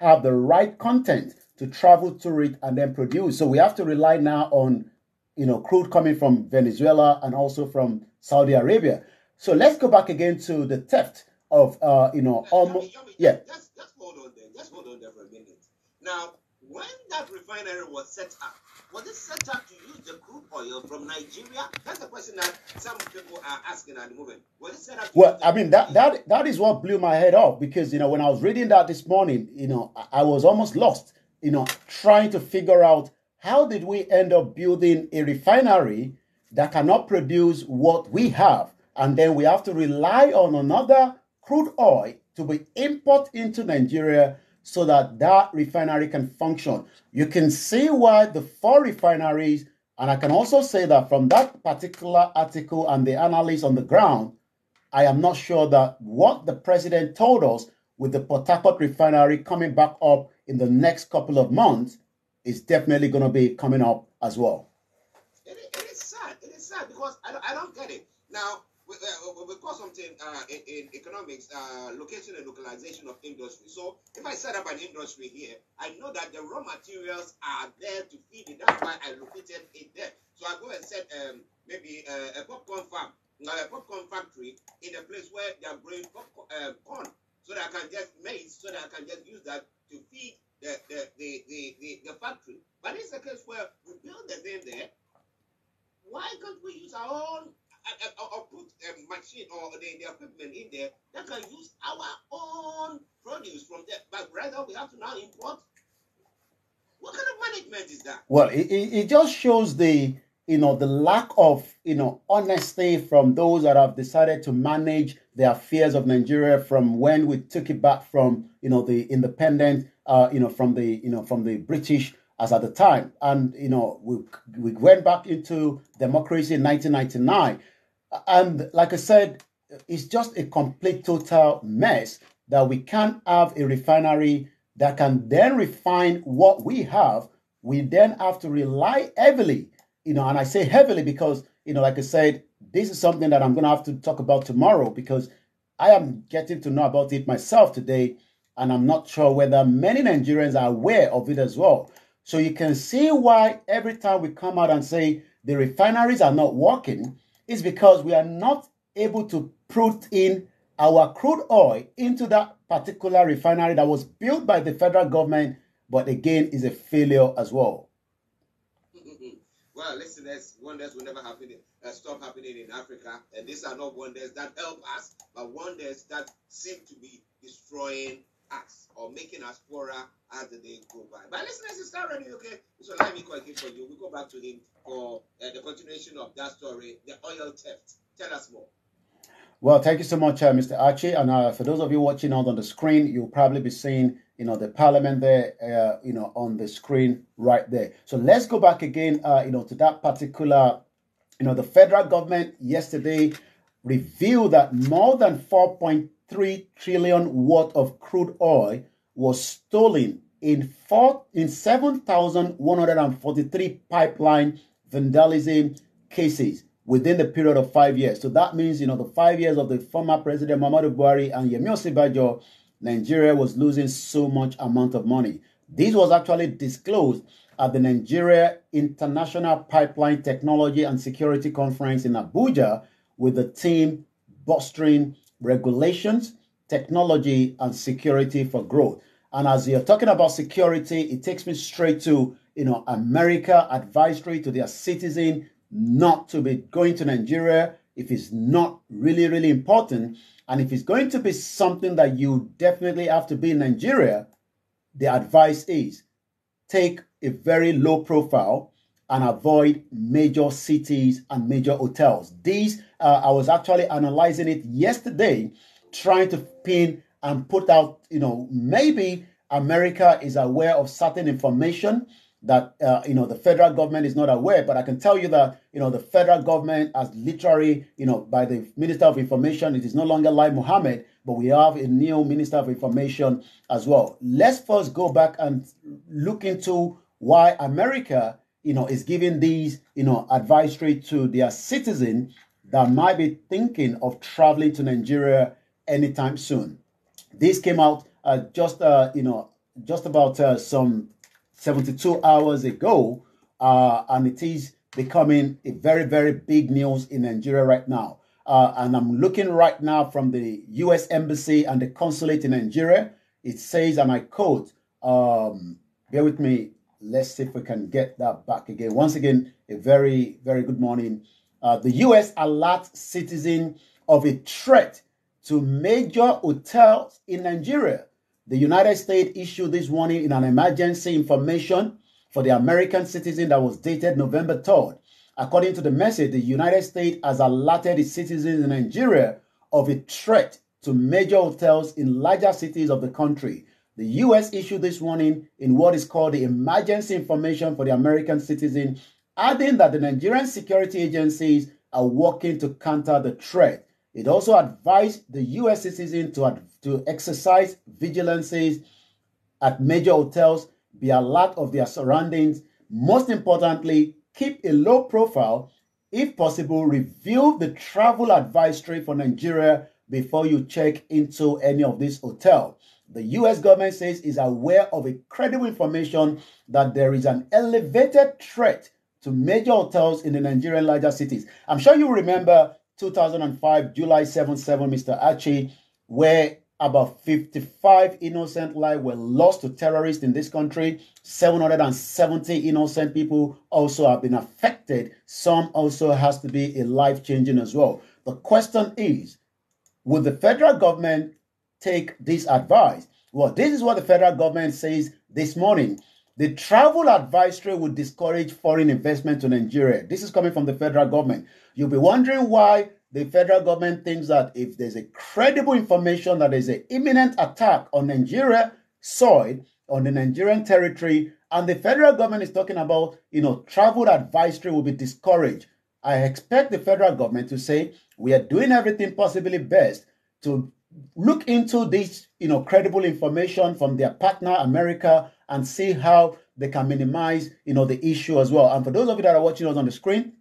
have the right content to travel to it and then produce. So we have to rely now on you know crude coming from Venezuela and also from Saudi Arabia. So let's go back again to the theft of uh, you know almost yeah. Just, just hold on there. Just hold on there for a minute. Now, when that refinery was set up, was it set up to use the crude oil from Nigeria? That's the question that some people are asking at the moment. Was it set up? well, I mean that that that is what blew my head off because you know when I was reading that this morning, you know I, I was almost lost, you know, trying to figure out how did we end up building a refinery that cannot produce what we have, and then we have to rely on another crude oil to be imported into Nigeria so that that refinery can function. You can see why the four refineries, and I can also say that from that particular article and the analysis on the ground, I am not sure that what the president told us with the Port Harcourt refinery coming back up in the next couple of months is definitely going to be coming up as well. it is sad. It is sad because I I don't get it. Now, uh, we call something uh, in, in, economics uh, location and localization of industry. So if I set up an industry here, I know that the raw materials are there to feed it. That's why I located it there. So I go and set um, maybe uh, a popcorn farm, uh, a popcorn factory in a place where they are growing popcorn, um, corn, so that I can just maize, so that I can just use that to feed the the, the, the, the, the factory. But it's a case where we build the thing there. Why can't we use our own or, or put a um, machine or the, the equipment in there that can use our own produce from there. But rather, we have to now import. What kind of management is that? Well, it, it just shows the you know the lack of you know honesty from those that have decided to manage the affairs of Nigeria from when we took it back from you know the independent uh, you know from the you know from the British as at the time and you know we we went back into democracy in 1999 and like I said, it's just a complete total mess that we can't have a refinery that can then refine what we have. We then have to rely heavily, you know, and I say heavily because, you know, like I said, this is something that I'm going to have to talk about tomorrow because I am getting to know about it myself today. And I'm not sure whether many Nigerians are aware of it as well. So you can see why every time we come out and say the refineries are not working, is because we are not able to put in our crude oil into that particular refinery that was built by the federal government, but again is a failure as well. well, listen, there's wonders will never happen, uh, stop happening in Africa, and these are not wonders that help us, but wonders that seem to be destroying us or making us poorer as the day go by. But let's not running, okay? So let me quickly for you. We go back to him for uh, the continuation of that story, the oil theft. Tell us more. Well, thank you so much, uh, Mr. Archie. And uh, for those of you watching out on the screen, you'll probably be seeing, you know, the parliament there, uh, you know, on the screen right there. So let's go back again, uh, you know, to that particular, you know, the federal government yesterday revealed that more than point. 3 trillion worth of crude oil was stolen in, four, in 7,143 pipeline vandalism cases within the period of five years. So that means, you know, the five years of the former president Muhammadu Buhari and Yemi Osinbajo, Nigeria was losing so much amount of money. This was actually disclosed at the Nigeria International Pipeline Technology and Security Conference in Abuja with the team bolstering regulations, technology, and security for growth. And as you're talking about security, it takes me straight to you know America advisory to their citizen not to be going to Nigeria if it's not really really important, and if it's going to be something that you definitely have to be in Nigeria, the advice is take a very low profile and avoid major cities and major hotels. These uh, I was actually analyzing it yesterday, trying to pin and put out, you know, maybe America is aware of certain information that uh, you know the federal government is not aware but i can tell you that you know the federal government has literally you know by the minister of information it is no longer like Mohammed, but we have a new minister of information as well let's first go back and look into why america you know is giving these you know advisory to their citizen that might be thinking of traveling to Nigeria anytime soon. This came out uh, just uh, you know just about uh, some 72 hours ago, uh, and it is becoming a very very big news in Nigeria right now. Uh, and I'm looking right now from the U.S. embassy and the consulate in Nigeria. It says, and I quote, um, "Bear with me. Let's see if we can get that back again. Once again, a very very good morning." Uh, the U.S. alerts citizens of a threat to major hotels in Nigeria. The United States issued this warning in an emergency information for the American citizen that was dated November 3rd. According to the message, the United States has alerted its citizens in Nigeria of a threat to major hotels in larger cities of the country. The U.S. issued this warning in what is called the Emergency Information for the American Citizen adding that the Nigerian security agencies are working to counter the threat. It also advised the U.S. citizens to, to exercise vigilances at major hotels, be alert of their surroundings. Most importantly, keep a low profile. If possible, review the travel advisory for Nigeria before you check into any of these hotels. The US government says is aware of credible information that there is an elevated threat to major hotels in the Nigerian larger cities. I'm sure you remember 2005, July 77, Mr. Achi, where about 55 innocent lives were lost to terrorists in this country. 770 innocent people also have been affected. Some also has to be a life changing as well. The question is, will the federal government take this advice? Well, this is what the federal government says this morning. The travel advisory will discourage foreign investment to Nigeria. This is coming from the federal government. You'll be wondering why the federal government thinks that if there's a credible information that there's an imminent attack on Nigeria soil, on the Nigerian territory, and the federal government is talking about, you know, travel advisory will be discouraged. I expect the federal government to say we are doing everything possibly best to look into this, you know, credible information from their partner America and see how they can minimize, you know, the issue as well. And for those of you that are watching us on the screen,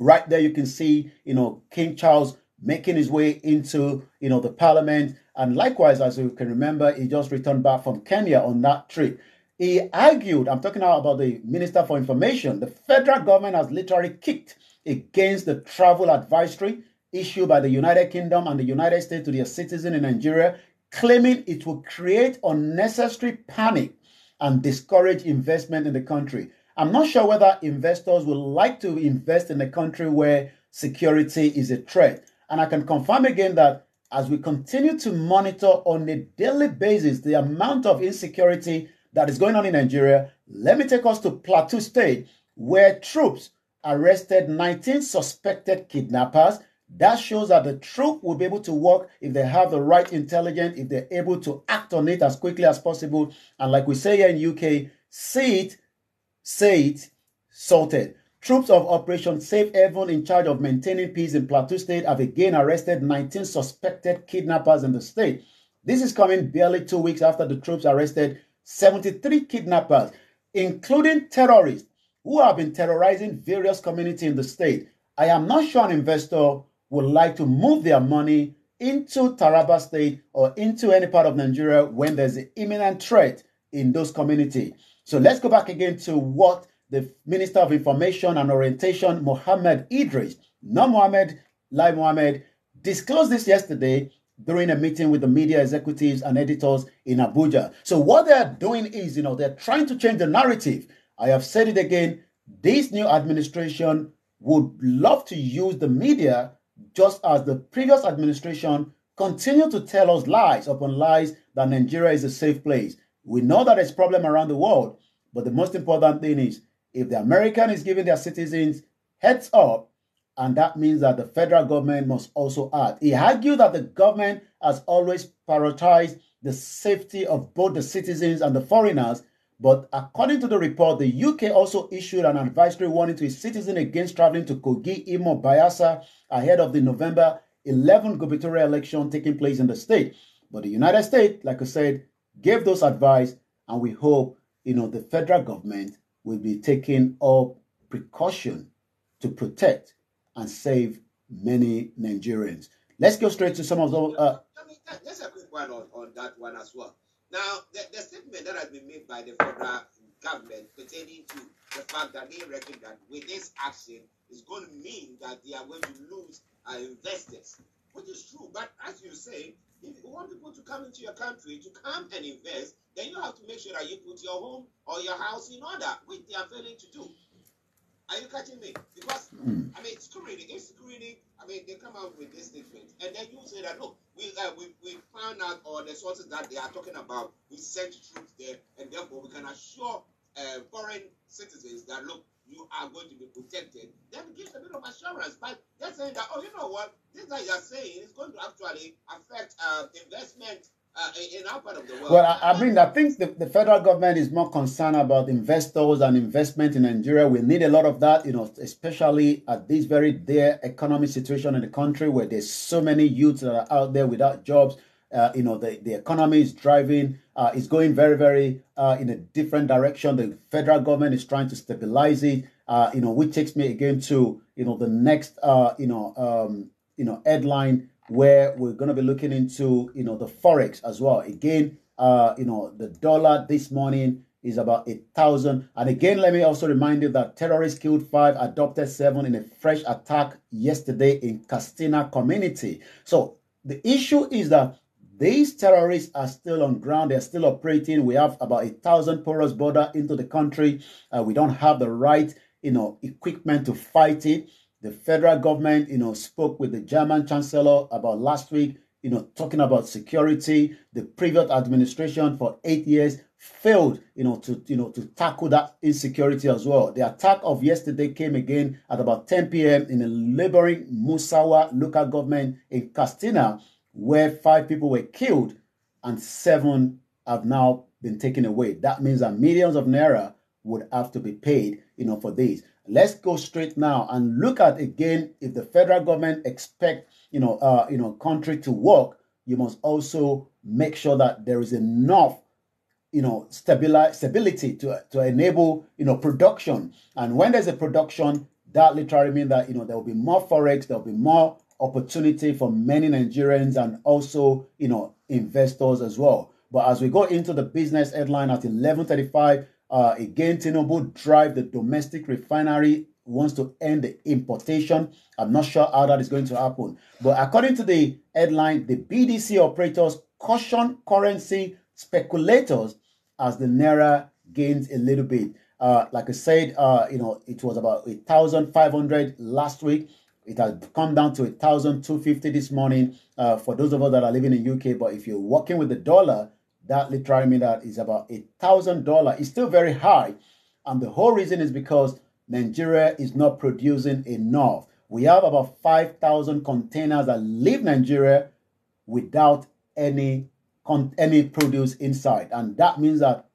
right there you can see, you know, King Charles making his way into, you know, the parliament. And likewise, as you can remember, he just returned back from Kenya on that trip. He argued, I'm talking now about the Minister for Information, the federal government has literally kicked against the travel advisory issued by the United Kingdom and the United States to their citizens in Nigeria, claiming it will create unnecessary panic and discourage investment in the country. I'm not sure whether investors would like to invest in a country where security is a threat. And I can confirm again that as we continue to monitor on a daily basis the amount of insecurity that is going on in Nigeria, let me take us to Plateau State, where troops arrested 19 suspected kidnappers that shows that the troop will be able to work if they have the right intelligence, if they're able to act on it as quickly as possible. And like we say here in UK, see it, say it, sorted. Troops of Operation Safe Haven in charge of maintaining peace in Plateau State have again arrested 19 suspected kidnappers in the state. This is coming barely two weeks after the troops arrested 73 kidnappers, including terrorists who have been terrorizing various communities in the state. I am not sure an investor would like to move their money into Taraba State or into any part of Nigeria when there's an imminent threat in those community. So let's go back again to what the Minister of Information and Orientation, Mohammed Idris, not Mohammed, Lai Mohammed, disclosed this yesterday during a meeting with the media executives and editors in Abuja. So what they are doing is, you know, they're trying to change the narrative. I have said it again, this new administration would love to use the media just as the previous administration continued to tell us lies upon lies that Nigeria is a safe place. We know that there's problem around the world, but the most important thing is if the American is giving their citizens heads up, and that means that the federal government must also act. He argued that the government has always prioritized the safety of both the citizens and the foreigners, but according to the report, the UK also issued an advisory warning to its citizens against traveling to Kogi, Imo, Bayasa ahead of the November 11 gubernatorial election taking place in the state. But the United States, like I said, gave those advice, and we hope you know the federal government will be taking all precaution to protect and save many Nigerians. Let's go straight to some of those. Uh, I mean, there's a quick one on, on that one as well. Now, the, the statement that has been made by the federal government pertaining to the fact that they reckon that with this action is going to mean that they are going to lose uh, investors, which is true. But as you say, if you want people to come into your country to come and invest, then you have to make sure that you put your home or your house in order, which they are failing to do. Are you catching me? Because mm. I mean, security, it's security, I mean, they come out with this statement, and then you say that look, we uh, we we found out all the sources that they are talking about. We sent troops there, and therefore we can assure uh, foreign citizens that look, you are going to be protected. Then gives a bit of assurance, but they're saying that oh, you know what, this that you're saying is going to actually affect uh, investment well, I, I mean, I think the, the federal government is more concerned about investors and investment in Nigeria. We need a lot of that, you know, especially at this very dire economic situation in the country where there's so many youths that are out there without jobs. Uh, you know, the, the economy is driving, uh, is going very, very uh, in a different direction. The federal government is trying to stabilize it, uh, you know, which takes me again to, you know, the next, uh, you know, um, you know, headline where we're going to be looking into, you know, the forex as well. Again, uh, you know, the dollar this morning is about a thousand. And again, let me also remind you that terrorists killed five, adopted seven in a fresh attack yesterday in Castina community. So the issue is that these terrorists are still on ground. They're still operating. We have about a thousand porous border into the country. Uh, we don't have the right, you know, equipment to fight it the federal government, you know, spoke with the German chancellor about last week, you know, talking about security. The previous administration for eight years failed, you know, to you know to tackle that insecurity as well. The attack of yesterday came again at about 10 p.m. in the neighboring Musawa local government in Castina, where five people were killed and seven have now been taken away. That means that millions of naira would have to be paid, you know, for this. Let's go straight now and look at again if the federal government expect you know uh, you know country to work, you must also make sure that there is enough you know stability stability to to enable you know production. And when there's a production, that literally means that you know there will be more forex, there will be more opportunity for many Nigerians and also you know investors as well. But as we go into the business headline at 11:35, uh, again, Tinubu drive the domestic refinery wants to end the importation. I'm not sure how that is going to happen. But according to the headline, the BDC operators caution currency speculators as the naira gains a little bit. Uh, like I said, uh, you know, it was about 1,500 last week. It has come down to 1,250 this morning uh, for those of us that are living in UK. But if you're working with the dollar, that literally means that is about a thousand dollar. It's still very high, and the whole reason is because Nigeria is not producing enough. We have about five thousand containers that leave Nigeria without any any produce inside, and that means that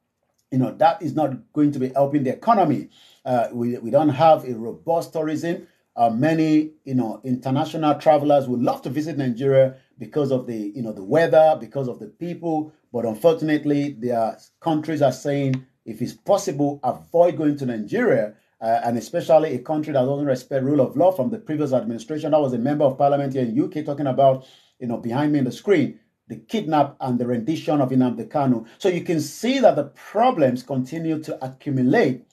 you know that is not going to be helping the economy. Uh, we we don't have a robust tourism. Uh, many you know international travelers would love to visit Nigeria because of the you know the weather, because of the people, but unfortunately, their countries are saying if it's possible, avoid going to Nigeria. Uh, and especially a country that doesn't respect rule of law from the previous administration. I was a member of parliament here in UK talking about, you know, behind me in the screen, the kidnap and the rendition of Inamde Kanu. So you can see that the problems continue to accumulate.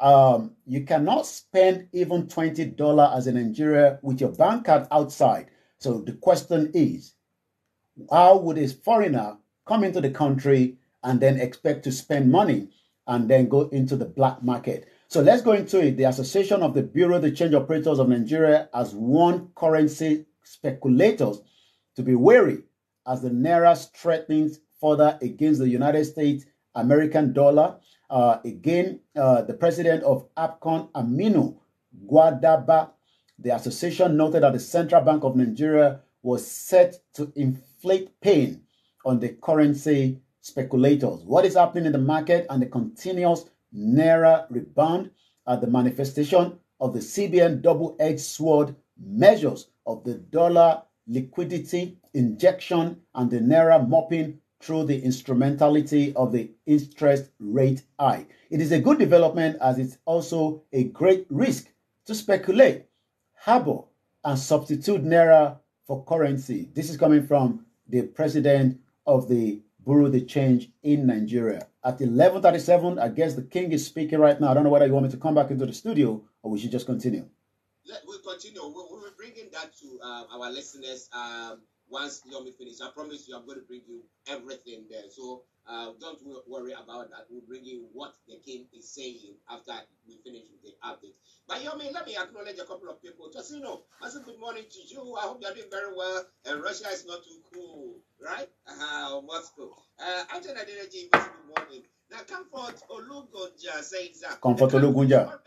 Um, you cannot spend even $20 as a Nigeria with your bank card outside. So the question is, how would a foreigner come into the country and then expect to spend money and then go into the black market. So let's go into it. The Association of the Bureau the Change Operators of Nigeria has warned currency speculators to be wary as the naira strengthens further against the United States American dollar. Uh, again, uh, the president of APCON, Aminu Guadaba, the association noted that the Central Bank of Nigeria was set to inflate pain on the currency speculators. What is happening in the market and the continuous naira rebound are the manifestation of the CBN double edged sword measures of the dollar liquidity injection and the naira mopping through the instrumentality of the interest rate i. It is a good development as it's also a great risk to speculate, harbor, and substitute naira for currency. This is coming from the president of the Buru the Change in Nigeria. At 11.37, I guess the king is speaking right now. I don't know whether you want me to come back into the studio or we should just continue. Let, we will continue. We'll, we'll be bringing that to um, our listeners. Um, once Yomi finishes. I promise you, I'm going to bring you everything there. So uh, don't worry about that. We'll bring you what the king is saying after we finish with the update. But Yomi, let me acknowledge a couple of people. Just you know, said good morning to you. I hope you're doing very well. And Russia is not too cool, right? Uh-huh, uh, Moscow. Uh, Anton Adeneji, massive good morning. Now, Comfort Olugunja says that. Comfort Olugunja.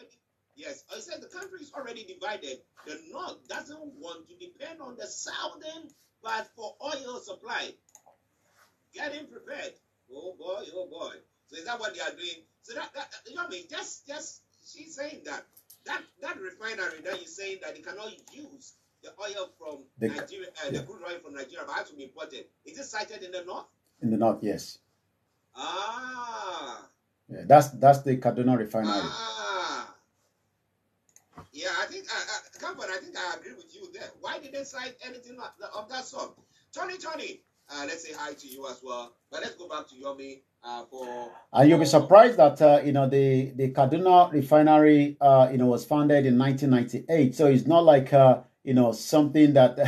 Yes, I said the country is already divided. The North doesn't want to depend on the Southern but for oil supply, getting prepared. Oh boy, oh boy. So is that what they are doing? So that, that you know what I mean? Just just she's saying that that that refinery that you're saying that they cannot use the oil from the, Nigeria, uh, yeah. the crude oil from Nigeria, but has to be imported. Is it cited in the north? In the north, yes. Ah. Yeah, that's that's the Kaduna refinery. Ah. Yeah, I think, uh, uh, I think I agree with you there. Why did they cite anything of that song? Tony, Tony, uh, let's say hi to you as well. But let's go back to Yomi uh, for. And uh, you'll be surprised that uh, you know the the Kaduna refinery uh, you know was founded in 1998, so it's not like uh, you know something that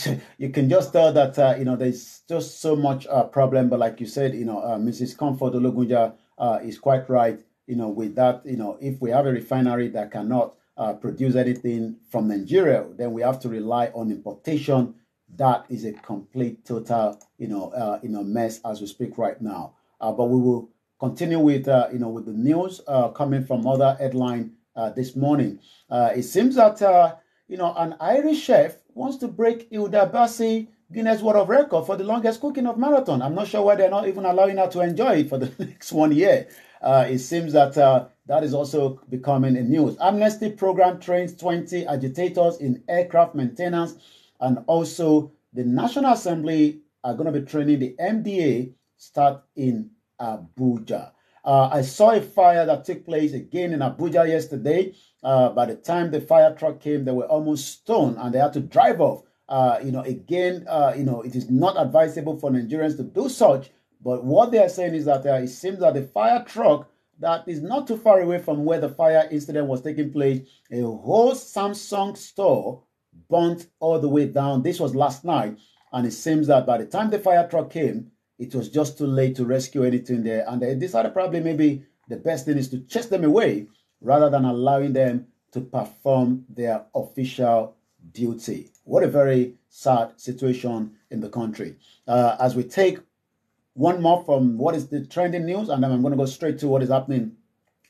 you can just tell that uh, you know there's just so much uh, problem. But like you said, you know uh, Mrs. Comfort Olugunja uh, is quite right. You know with that, you know if we have a refinery that cannot uh, produce anything from Nigeria, then we have to rely on importation. That is a complete, total, you know, uh, you know, mess as we speak right now. Uh, but we will continue with, uh, you know, with the news uh, coming from other headline uh, this morning. Uh, it seems that, you know, an Irish chef wants to break Hilda Bassi Guinness World of Record for the longest cooking of marathon. I'm not sure why they're not even allowing her to enjoy it for the next one year. it seems that that is also becoming a news. Amnesty program trains 20 agitators in aircraft maintenance, and also the National Assembly are going to be training the MDA start in Abuja. Uh, I saw a fire that took place again in Abuja yesterday. Uh, by the time the fire truck came, they were almost stoned and they had to drive off. Uh, you know, again, uh, you know, it is not advisable for Nigerians to do such. But what they are saying is that uh, it seems that the fire truck that is not too far away from where the fire incident was taking place. A whole Samsung store burnt all the way down. This was last night, and it seems that by the time the fire truck came, it was just too late to rescue anything there. And they decided probably maybe the best thing is to chase them away rather than allowing them to perform their official duty. What a very sad situation in the country. Uh, as we take one more from what is the trending news, and then I'm going to go straight to what is happening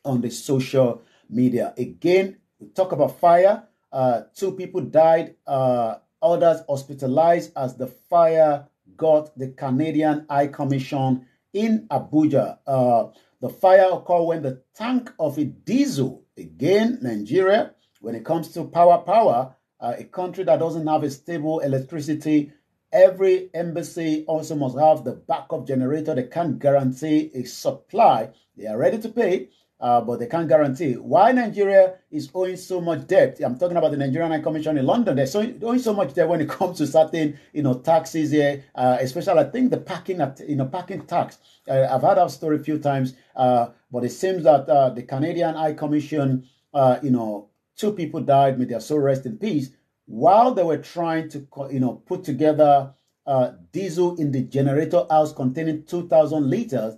on the social media. Again, we talk about fire. Uh, two people died, uh, others hospitalized as the fire got the Canadian High Commission in Abuja. Uh, the fire occurred when the tank of a diesel, again, Nigeria, when it comes to power, power, uh, a country that doesn't have a stable electricity Every embassy also must have the backup generator. They can't guarantee a supply. They are ready to pay, uh, but they can't guarantee. Why Nigeria is owing so much debt? I'm talking about the Nigerian High Commission in London. They're so, owing so much debt when it comes to certain, you know, taxes here, uh, especially I think the parking, you know, parking tax. Uh, I've heard that story a few times, uh, but it seems that uh, the Canadian High Commission, uh, you know, two people died. May their soul rest in peace while they were trying to you know put together uh, diesel in the generator house containing 2000 liters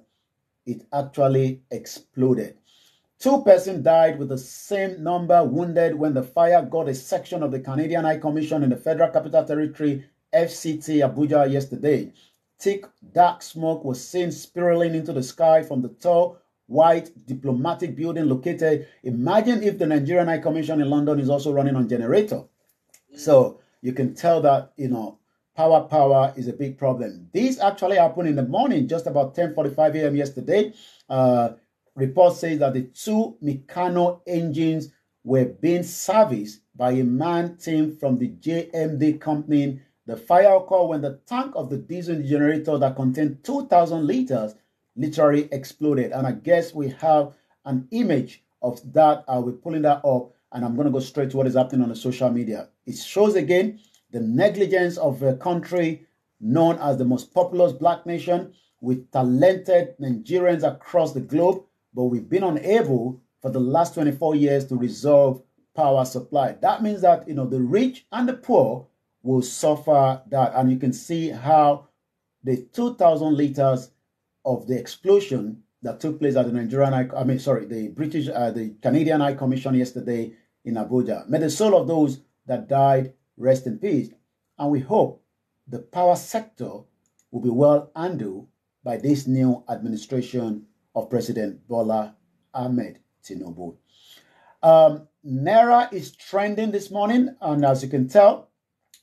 it actually exploded two persons died with the same number wounded when the fire got a section of the canadian high commission in the federal capital territory fct abuja yesterday thick dark smoke was seen spiraling into the sky from the tall white diplomatic building located imagine if the nigerian high commission in london is also running on generator so you can tell that, you know, power power is a big problem. This actually happened in the morning, just about 10.45 a.m. yesterday. Uh, report says that the two Mikano engines were being serviced by a man team from the JMD company. The fire occurred when the tank of the diesel generator that contained 2,000 liters literally exploded. And I guess we have an image of that. I'll be pulling that up and I'm going to go straight to what is happening on the social media. It shows again the negligence of a country known as the most populous black nation with talented Nigerians across the globe, but we've been unable for the last 24 years to resolve power supply. That means that you know the rich and the poor will suffer that, and you can see how the 2,000 liters of the explosion that took place at the Nigerian, I mean, sorry, the British, uh, the Canadian High Commission yesterday in Abuja made the soul of those that died rest in peace, and we hope the power sector will be well handled by this new administration of President Bola Ahmed Tinubu. Um, Naira is trending this morning, and as you can tell,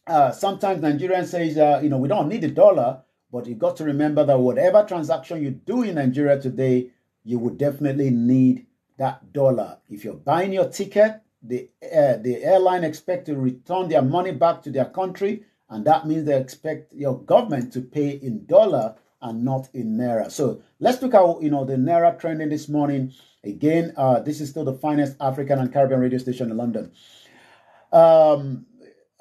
uh, sometimes Nigerians say, uh, you know, we don't need the dollar, but you have got to remember that whatever transaction you do in Nigeria today, you would definitely need that dollar. If you're buying your ticket, the, uh, the airline expect to return their money back to their country, and that means they expect your government to pay in dollar and not in naira. So let's look at you know the naira trending this morning. Again, uh, this is still the finest African and Caribbean radio station in London. Um,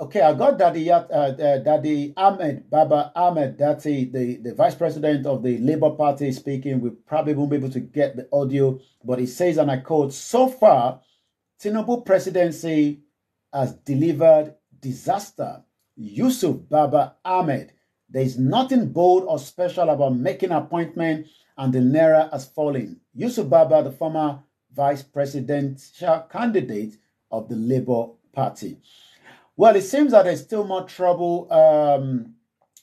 okay, I got Daddy uh, uh, Daddy Ahmed Baba Ahmed Dati, the the vice president of the Labour Party, speaking. We probably won't be able to get the audio, but he says, and I quote: "So far." Tinubu presidency has delivered disaster. Yusuf Baba Ahmed. There is nothing bold or special about making appointment and the Naira has fallen. Yusuf Baba, the former vice presidential candidate of the Labour Party. Well, it seems that there's still more trouble. Um,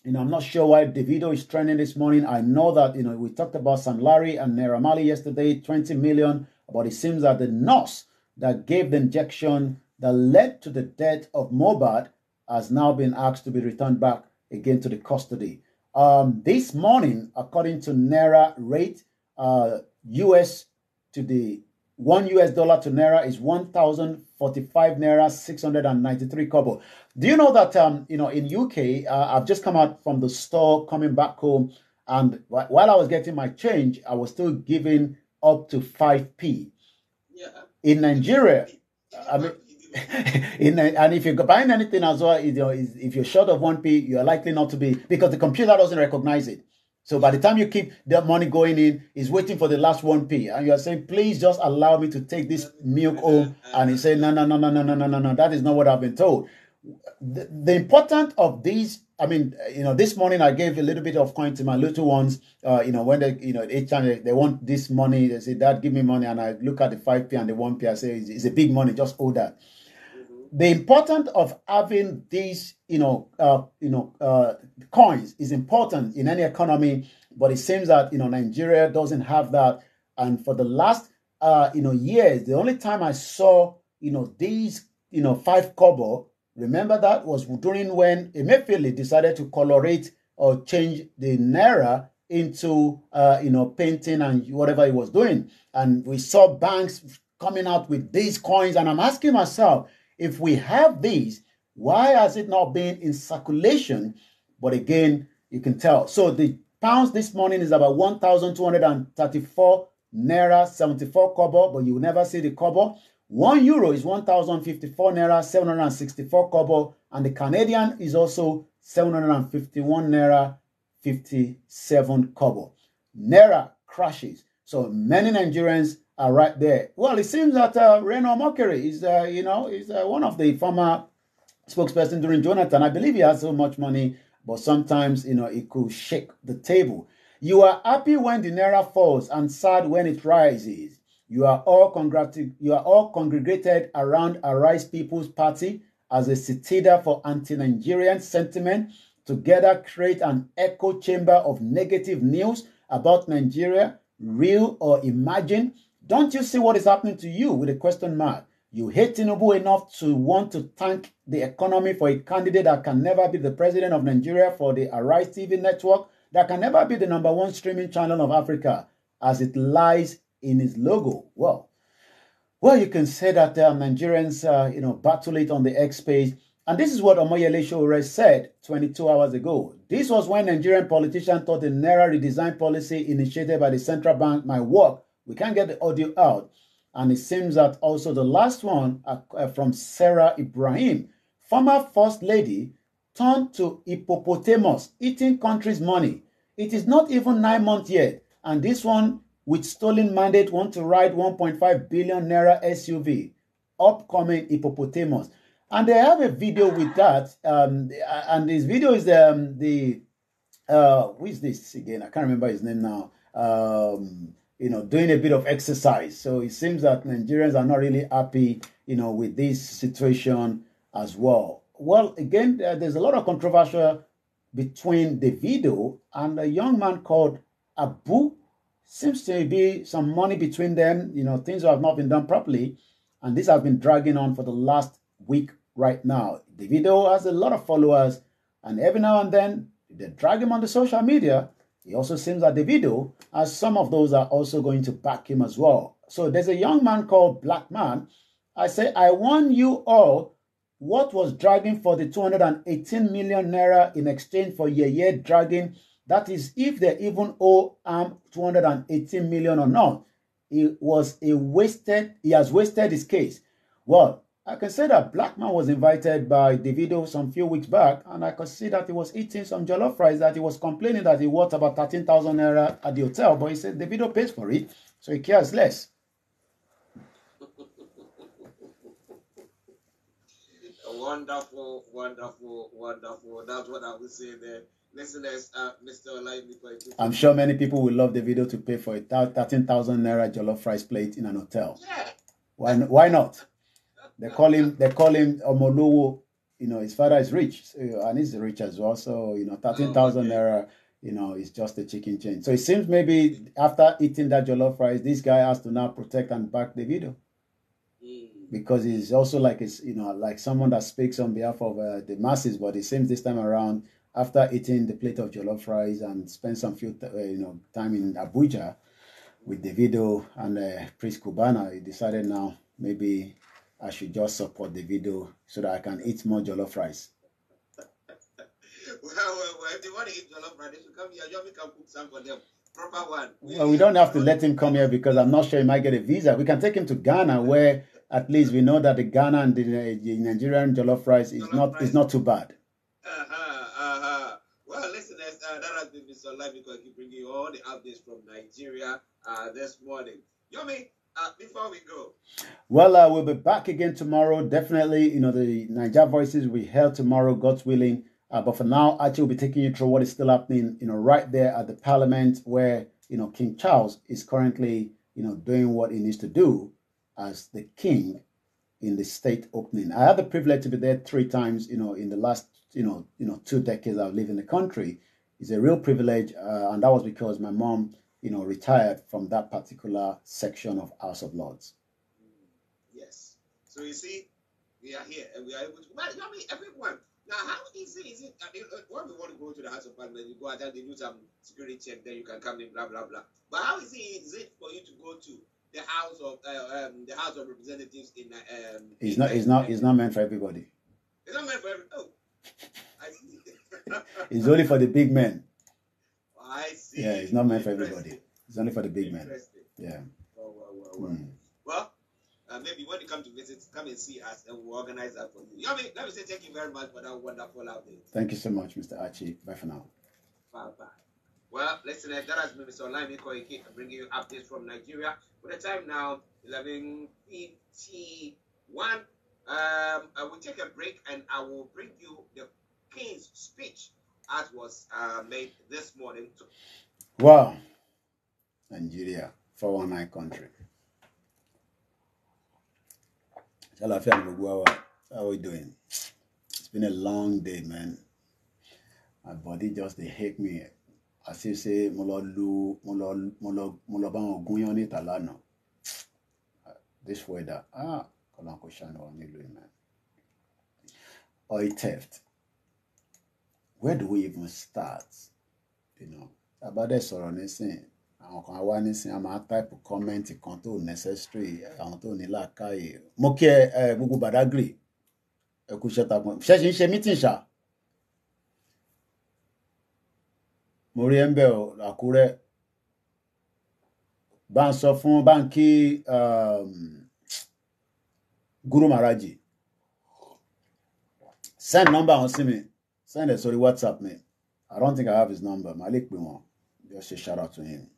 you know, I'm not sure why Davido is trending this morning. I know that, you know, we talked about Sam Larry and Naira Mali yesterday, 20 million, but it seems that the nurse that gave the injection that led to the death of Mobad has now been asked to be returned back again to the custody. Um, this morning, according to Naira rate, uh, US to the one US dollar to Naira is 1,045 Naira 693 kobo. Do you know that, um, you know, in UK, uh, I've just come out from the store coming back home and while I was getting my change, I was still giving up to 5p. Yeah in Nigeria, I mean, in, and if you're buying anything as well, you know, if you're short of 1p, you're likely not to be because the computer doesn't recognize it. So by the time you keep that money going in, it's waiting for the last 1p. And you're saying, please just allow me to take this milk home. And he said, no, no, no, no, no, no, no, no, no. That is not what I've been told. The, the importance of these I mean, you know, this morning I gave a little bit of coin to my little ones. Uh, you know, when they, you know, each time they, they want this money, they say, "Dad, give me money," and I look at the five p and the one p. I say, it's, "It's a big money. Just hold that." Mm-hmm. The importance of having these, you know, uh, you know, uh, coins is important in any economy, but it seems that you know Nigeria doesn't have that. And for the last, uh, you know, years, the only time I saw, you know, these, you know, five kobo Remember that was during when Emefiele decided to colorate or change the naira into uh, you know painting and whatever he was doing, and we saw banks coming out with these coins. And I'm asking myself, if we have these, why has it not been in circulation? But again, you can tell. So the pounds this morning is about 1,234 naira 74 kobo, but you will never see the kobo. One euro is 1,054 naira, 764 kobo, and the Canadian is also 751 naira, 57 kobo. Naira crashes. So many Nigerians are right there. Well, it seems that uh, Reno Mockery is, uh, you know, is uh, one of the former spokesperson during Jonathan. I believe he has so much money, but sometimes, you know, it could shake the table. You are happy when the naira falls and sad when it rises. You are all you are all congregated around Arise People's Party as a citadel for anti-Nigerian sentiment. Together, create an echo chamber of negative news about Nigeria, real or imagined. Don't you see what is happening to you with a question mark? You hate Tinubu enough to want to thank the economy for a candidate that can never be the president of Nigeria for the Arise TV network that can never be the number one streaming channel of Africa as it lies in his logo. Well, well, you can say that uh, Nigerians, uh, you know, battle it on the X page. And this is what Omoyele Shore said 22 hours ago. This was when Nigerian politicians thought the Naira redesign policy initiated by the central bank might work. We can't get the audio out. And it seems that also the last one uh, uh from Sarah Ibrahim, former first lady, turned to hippopotamus, eating country's money. It is not even nine months yet. And this one with stolen mandate want to ride 1.5 billion naira SUV, upcoming hippopotamus. And they have a video with that. Um, and this video is um, the, uh, who is this again? I can't remember his name now. Um, you know, doing a bit of exercise. So it seems that Nigerians are not really happy, you know, with this situation as well. Well, again, uh, there's a lot of controversy between the video and a young man called Abu seems to be some money between them. You know, things have not been done properly, and this has been dragging on for the last week right now. The video has a lot of followers, and every now and then they drag him on the social media. It also seems that the video, as some of those are also going to back him as well. So there's a young man called Black Man. I say, I warn you all what was dragging for the 218 million naira in exchange for year dragging that is, if they even owe him 218 million or not, it was a wasted, he has wasted his case. Well, I can say that Blackman was invited by Davido some few weeks back, and I could see that he was eating some jollof fries. that he was complaining that he worth about 13,000 naira at the hotel, but he said Davido pays for it, so he cares less. wonderful, wonderful, wonderful. That's what I would say there listeners uh, Mr. I'm sure many people will love the video to pay for a 13,000 naira jollof rice plate in an hotel. Yeah. Why, why not? They call him, they call him Omolowo. You know, his father is rich and he's rich as well. So, you know, 13,000 oh, okay. naira, you know, is just a chicken change. So it seems maybe after eating that jollof rice, this guy has to now protect and back the video. Hmm. Because he's also like, it's, you know, like someone that speaks on behalf of uh, the masses, but it seems this time around after eating the plate of jollof rice and spent some few uh, you know time in Abuja with Davido and uh, Prince Kubana, I decided now maybe I should just support Davido so that I can eat more jollof rice. well, well, well, if they want to eat jollof rice, they should come here. You can cook some for them. Proper one. Well, we don't have to let him come here because I'm not sure he might get a visa. We can take him to Ghana where at least we know that the Ghana and the, uh, the Nigerian jollof rice is jollof not rice. is not too bad. Uh -huh is online because I keep bringing you all the updates from Nigeria uh, this morning. Yomi, uh, before we go. Well, uh, we'll be back again tomorrow. Definitely, you know, the Niger Voices we hear tomorrow, God's willing. Uh, but for now, actually, we'll be taking you through what is still happening, you know, right there at the parliament where, you know, King Charles is currently, you know, doing what he needs to do as the king in the state opening. I had the privilege to be there three times, you know, in the last, you know, you know, two decades I've lived in the country. It's a real privilege, uh, and that was because my mom, you know, retired from that particular section of House of Lords. Yes. So you see, we are here and we are able to. Well, I mean, everyone. Now, how easy is it? I mean, uh, uh, when we want to go to the House of Parliament, you go out and they do some security check, then you can come in, blah blah blah. But how easy is it for you to go to the House of uh, um, the House of Representatives in? Uh, um, it's in, not. It's uh, not. It's not meant for everybody. It's not meant for everybody. Oh. It's only for the big men. I see. Yeah, it's not meant for everybody. It's only for the big men. Yeah. mm. Well, uh, maybe when you come to visit, come and see us and we'll organize that for you. Yami, let me say thank you very much for that wonderful update. Thank you so much, Mr. Archie. Bye for now. Bye bye. Well, listeners, uh, that has been Mr. Olaimi Koike bringing you updates from Nigeria. For the time now, 11.51. Um, I will take a break and I will bring you the King's speech that was uh, made this morning. To- wow. Nigeria, 419 country. Hello, Muguawa, how are we doing? It's been a long day, man. My body just they hate me. I if say, molo lọ lu, molo, lọ, mo lọ, mo lọ bá wọn This weather, ah, kọ́lá kò ṣàánú wa man. Oil theft where do we even start you know abadẹ sọ̀rọ̀ nísìn àwọn kan wá nísìn a máa táìpù kọ́mẹ́ǹtì kan tó necessary àwọn tó ní làákàyè mo kí ẹ gbogbo Badagry ẹ kú iṣẹ́ takun ṣẹṣin ń ṣe mítìn ṣá mo rí ẹ ọ Àkúrẹ́ bá ń sọ fún báńkì um, Guru Maraji send number wọn sí mi send ẹ̀ sorry whatsapp me. i don't think i have his number Malik lè pè just say shout out to him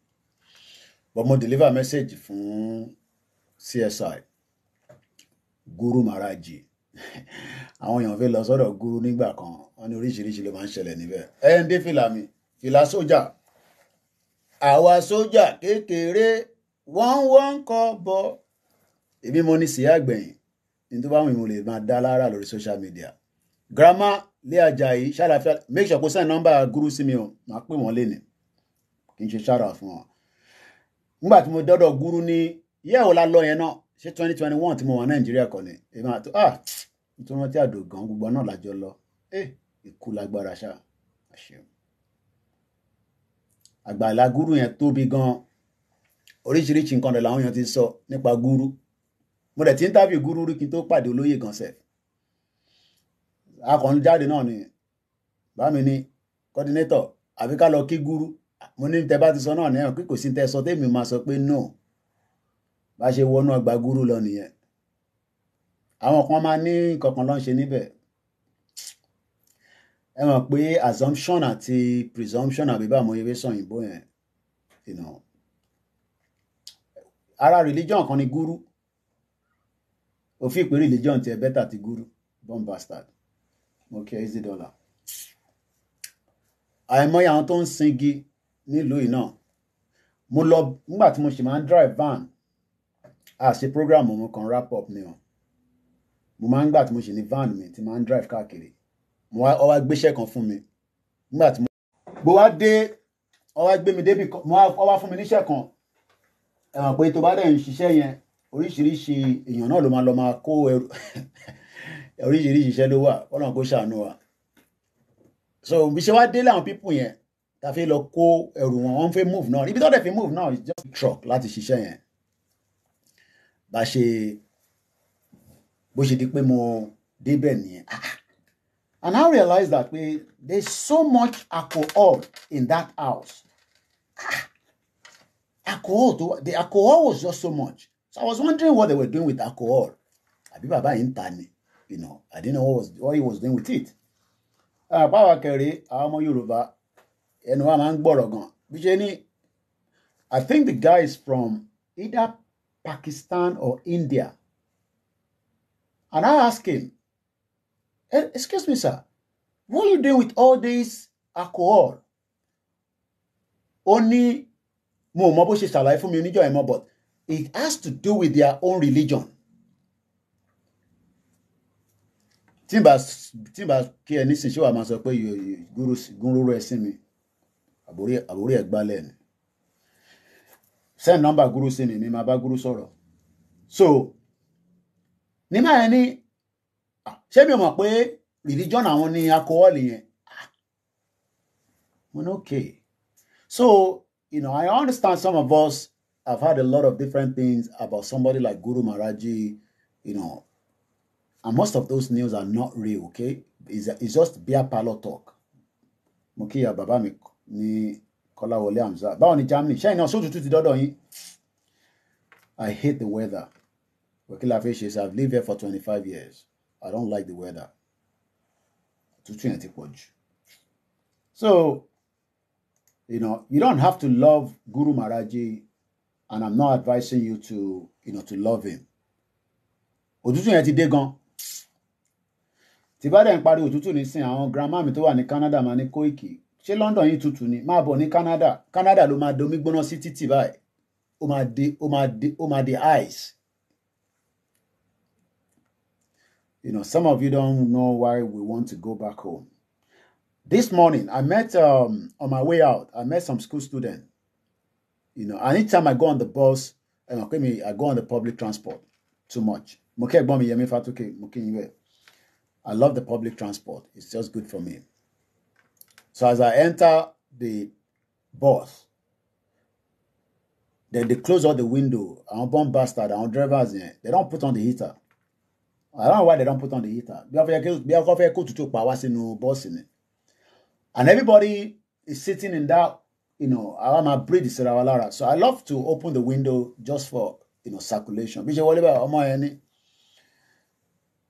but mo deliver message from csi guru maraji àwọn èèyàn fẹ́ lọ sọ́dọ̀ guru nígbà kan wọ́n ní oríṣiríṣi ló máa ń ṣẹlẹ̀ níbẹ̀ ẹ ń dé fìlà mi fìlà sójà àwa sójà kékeré wọ́n wọ́n ń kọ́ bọ́ èmi mo ní síyá gbẹ̀yìn ní tó bá lè máa dá lára lórí social media grandma lé Àjàyí ṣàlàfíà make sure kó send number gúrú sí mi o màá pè wọ́n lé ní kì í ṣe ṣàrà fún wọn. nígbà tí mo dọ́dọ̀ gúrú ní yẹ́ la lọ yẹn náà ṣé twenty twenty one tí mo wà Nàìjíríà kọ́ ni èmi àti ah nítorí wọn ti àdó gan gbogbo náà lájọ lọ eh ikú lágbára ṣá àṣẹwò àgbàlá gúrú yẹn tóbi gan oríṣiríṣi nǹkan rẹ̀ làwọn èèyàn ti sọ nípa gúrú mo dẹ̀ ti ń interview gúrú rí kí n tó pàdé olóyè gan sẹ́ẹ̀ akọ̀ọ́n jáde náà ni bámi ni coordinator àfi ká lọ kí gúrú mo ní tẹ bá ti sọ náà ní ẹ̀rọ pé kò sí tẹ sọ tẹ́mi máa sọ pé no bá ṣe wọnú ọgbà gúrú lọ nìyẹn àwọn kan máa ní kankan ló ń ṣe níbẹ̀ ẹ mọ̀ pé assumption àti presumption àbí bá àmọ́ ewé sàn yìnbó yẹn you know ara religion kan ni gúrú òfin ìpè religion tiẹ̀ bẹ́tà ti gúrú bomb bastard mo easy dollar. Ezedola àìmọye àwọn tó ń singi nílùú yìí náà mo lọ nígbà tí mo ṣì máa ń drive van àṣe program mo kàn wrap up ni o mo máa ń gbà tí mo ṣì ní van mi tí máa ń drive káàkiri mo wá ọ wá gbéṣẹ́ kan fún mi nígbà tí mo. bó wá dé ọ wá gbé mi débì kan mo wá ọ wá fún mi níṣẹ́ kan ẹ̀wọ̀n pé tó bá dẹ̀ ń ṣiṣẹ́ yẹn oríṣiríṣi èèyàn náà ló máa lọ máa kó ẹrù oríṣiríṣi iṣẹ́ ló wà ọlọ́run kó ṣàánú wa so bí ṣe wá dé láwọn pípù yẹn ta fi lọ kó ẹrù wọn wọn fẹ́ move náà ibi tó dẹ̀ fi move náà is just truck láti ṣiṣẹ́ yẹn bá ṣe bó ṣe di pé mo débẹ̀ nìyẹn ah, ah. and I realized that pé there is so much alcohol in that house ah, alcohol to the alcohol was just so much so I was wondering what they were doing with alcohol àbí bàbá yìí ń ta ni you know, I didn't know what, was, what he was doing with it. Àpáwà ah, kẹrì àwọn ọmọ Yorùbá ẹnu wa máa ń gbọ̀rọ̀ gan. Bí ṣe ni I think the guy is from either Pakistan or India. And I ask him, eh, excuse me, sir, what you doing with all this alcohol? Ó ní mo mọ bó ṣe ṣàlàyé fún mi oníjọ́ ìmọ̀ but it has to do with their own religion. tí bá kí ẹni sìn ṣé wàá máa sọ pé gúnrúrú ẹsìn mi àbórí ẹ gbálẹ̀ send number gúrú sí mi mi máa bá gúrú sọ̀rọ̀ so ní máa ẹni ṣé mi mọ̀ pé religion àwọn ni alcohol yẹn mo ní so you know I understand some of us have had a lot of different things about somebody like Guru Maharaji you know And most of those news are not real, okay? It's, it's just beer parlor talk. Mo kí ìyá bàbá mi ní Kọ́láwọlé Hamza. Báwo ni Germany? Ṣé iná sóòtútù ti dọ́dọ̀ yín? I hate the weather. Wakila Fish says, I've lived here for twenty-five years. I don't like the weather. Tútù yẹn ti pọ̀ jù. So, you know, you don't have to love Guru Maharaji, and I'm not advising you to, you know, to love him. Òtútù yẹn ti dé gan tí bá dẹ̀ ń parí òtútù nísìn àwọn grandma mi tó wà ní Canada máa ní Kóìkì ṣé London yìí tutù ni máa bọ̀ ní Canada Canada ló máa domi gbóná sí títì báyìí ó máa di ó máa di ó máa di ice. You know, some of you don't know why we want to go back home. This morning, I met um, on my way out. I met some school students. You know, anytime I go on the bus, and I go on the public transport, too much mo bomi yemi mi Yẹmí Fátókè I love the public transport it's just good for me so as I enter the bus then they close all the window àwọn bomb bastard àwọn drivers yẹn they don't put on the heater I don't know why they don't put on the heater Be bí wọ́n fẹ́ kó tutù in wá bus in it. and everybody is sitting in that you know, I'm a breed is Rawallara. So I love to open the window just for, you know, circulation. Bí ṣe wọlé bá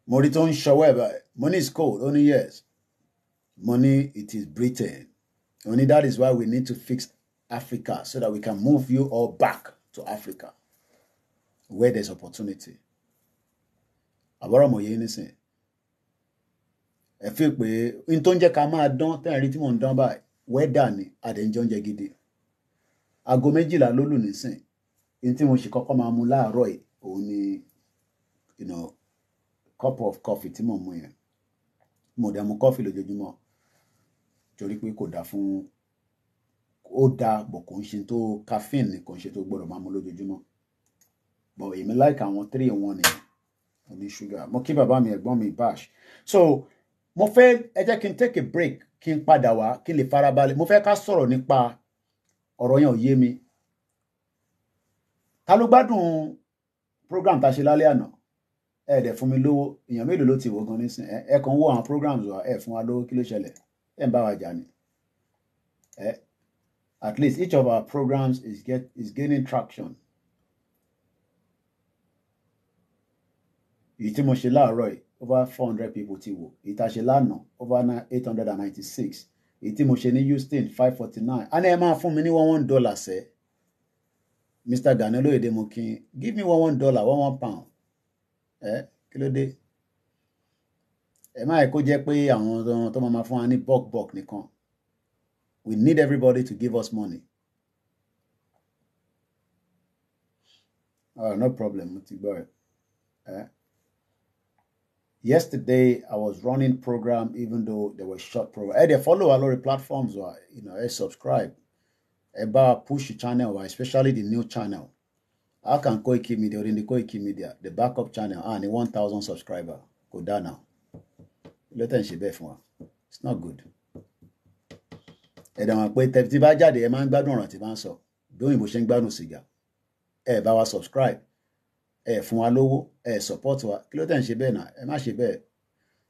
mo rí tó ń ṣọwọ́ ẹ̀ báyìí mo ní it's cold ó ní yes mo ní it is Britain ó ní that is why we need to fix Africa so that we can move you all back to Africa where there is opportunity àbọ̀rọ̀ mọ̀ yìí nísìn ẹ fi pé n tó ń jẹ́ ká máa dán tẹ́yìn rí tí mò ń dán báyìí wẹ́dà ni àdéjọ́ gidi aago méjìlá ló lù nísìn n tí mo sì kọ́kọ́ máa mu láàárọ̀ yìí òun ni you know, cup of coffee tí mò ń mu yẹn mo dẹ̀ mu coffee lójoojúmọ́ torí pé kò dáa fún ó dáa bọ̀ kò ń ṣe tó caffeine ni kò ń ṣe tó gbọ́dọ̀ máa mu lójoojúmọ́ bọ̀ èmi like àwọn three in one nìyẹn oní ṣúgà mo kí bàbá mi ẹ̀gbọ́n mi bash so mo fẹ́ ẹ jẹ́ kí n take a break kí n padà wá kí n lè farabalẹ̀ mo fẹ́ ká sọ̀rọ̀ nípa ọ̀rọ̀ yẹn ò yé mi ta ló gbádùn program tá ṣe lálẹ́ àná. No? ẹ dẹ̀ fún mi lówó èèyàn mélòó ló ti wò gan nísìn ẹ ẹ kàn ń wo àwọn programs wa ẹ fún wa lówó kí ló ṣẹlẹ̀ ẹ ń bá wa jà ni ẹ at least each of our programs is get is gaining traction èyí tí mo ṣe láàárọ̀ yìí over four hundred people ti wò èyí tá a ṣe lánàá over eight hundred and ninety six èyí tí mo ṣe ní Houston five forty nine á ní ẹ máa fún mi ní one one dollar sẹ Mr. Gani Olóyèdè mo kí n give me one one dollar one one pound ẹ kí ló dé ẹ má yẹ kó jẹ́ pé àwọn tó máa fún wa ní buck buck nìkan we need everybody to give us money. Oh, no problem, mo ti Yesterday, I was running program even though they were short program. Hey, they follow wa lórí platforms or you know, ẹ subscribe. About bá push channel wa, especially the new channel. How can Koiki Media or in the Koiki Media, the backup channel, and the 1,000 subscriber go down now? Lọ́tẹ̀ ń ṣe bẹ́ẹ̀ fún It's not good. And then pé tẹ̀fí tí bá jáde ẹ máa ń gbádùn ọ̀ràn tí bá ń sọ. Bí òyìnbó ṣe ń gbádùn sìgá. subscribe. Ẹ from our lówó. Ẹ support wa. Kí ló tẹ̀ ń ṣe bẹ́ẹ̀ náà? Ẹ má ṣe bẹ́ẹ̀.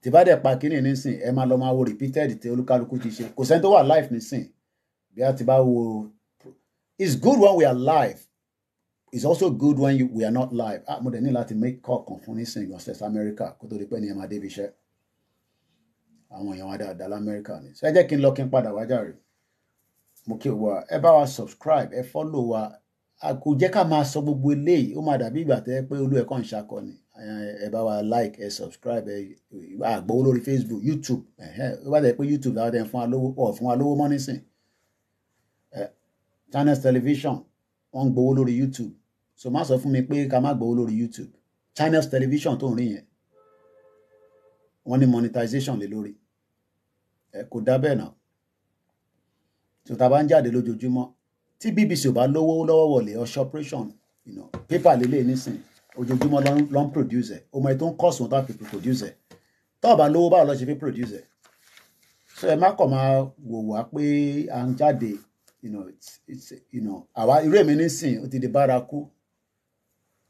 Tí bá dẹ̀ pa kíní nísìn, ẹ máa lọ máa wo repeated tí olúkálukú ti ṣe. Kò sẹ́ni tó wà live nísìn. Bí a ti bá wo. It's good when we are live it's also good when you, we are not live ah mo dẹ̀ ní láti make call kan fún nísìnyí ọ̀sẹ̀ amẹ́ríkà kó tó di pé ní ẹ̀ máa débi iṣẹ́ àwọn èèyàn wa dáadáa lamẹ́ríkà ni ṣé ẹ jẹ́ kí n lọ kí n padà wájà rè mo kí wa ẹ bá wa subscribe ẹ follow wa a kò jẹ́ ká máa sọ gbogbo eléyìí ó máa dàbí ìgbà tẹ́ pé olú ẹ̀kọ́ ń ṣakọni ẹ bá wa like ẹ subscribe ẹ àgbọ̀ olórí Facebook YouTube ó bá dẹ̀ pé YouTube láwọn ẹ̀ fún wa lówó ọ̀ fún wa lówó mọ́ nísìn Channels Television wọ́n ń gbowó lórí YouTube so má sọ fún mi pé ká má gbowó lórí YouTube channels television tó ń rí yẹn wọ́n ní monetization lé lórí ẹ kò dá bẹ́ẹ̀ náà tó ta bá ń jáde lójoojúmọ́ tí BBC ò bá lówó lọ́wọ́ wọlé ọṣọ operation you know, paper lélẹ̀ nísìn ojoojúmọ́ ló ń produce ẹ̀ ọmọ ẹ̀ tó ń kọ́sùn tó fi produce tó o lówó báwo lọ́ọ́ ṣe fi produce so ẹ má kàn máa wò wá pé à ń jáde you know, it's, it's, you know, àwa irú èmi nísìn ó ti di bárakú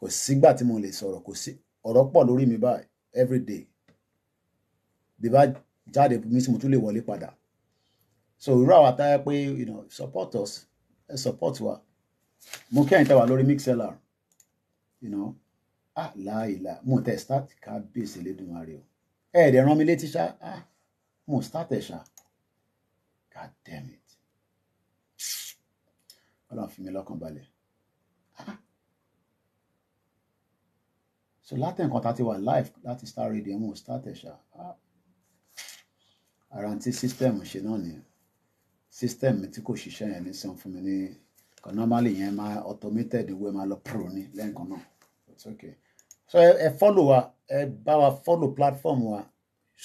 kò sígbà tí mo lè sọ̀rọ̀ kò sí ọ̀rọ̀ pọ̀ lórí mi báyìí every day bí bá jáde mi tí mo tún lè wọlé padà so irú àwọn atáyẹ pé you know support us ẹ support wa mo kẹ́yìn tẹ́wà lórí mixlr you know ah la mo tẹ start kábíyèsí lẹ́dùnmáre o ẹ ẹ̀dẹ̀ rán mi létí ṣá ah mo start ẹ̀ ṣá god damn it ọlọ́run fi mi lọ́kàn balẹ̀ so láti nǹkan tá a ti wà live láti star radio mo start ẹ̀ṣà ara ti system ṣe náà nìyẹn system tí kò ṣiṣẹ́ yẹn nísìnyí fún mi ní kan normally yẹn máa automated wẹ́ máa lọ pro ní lẹ́ǹkan náà it's okay so ẹ ẹ follow wa ẹ bá wa follow platform wa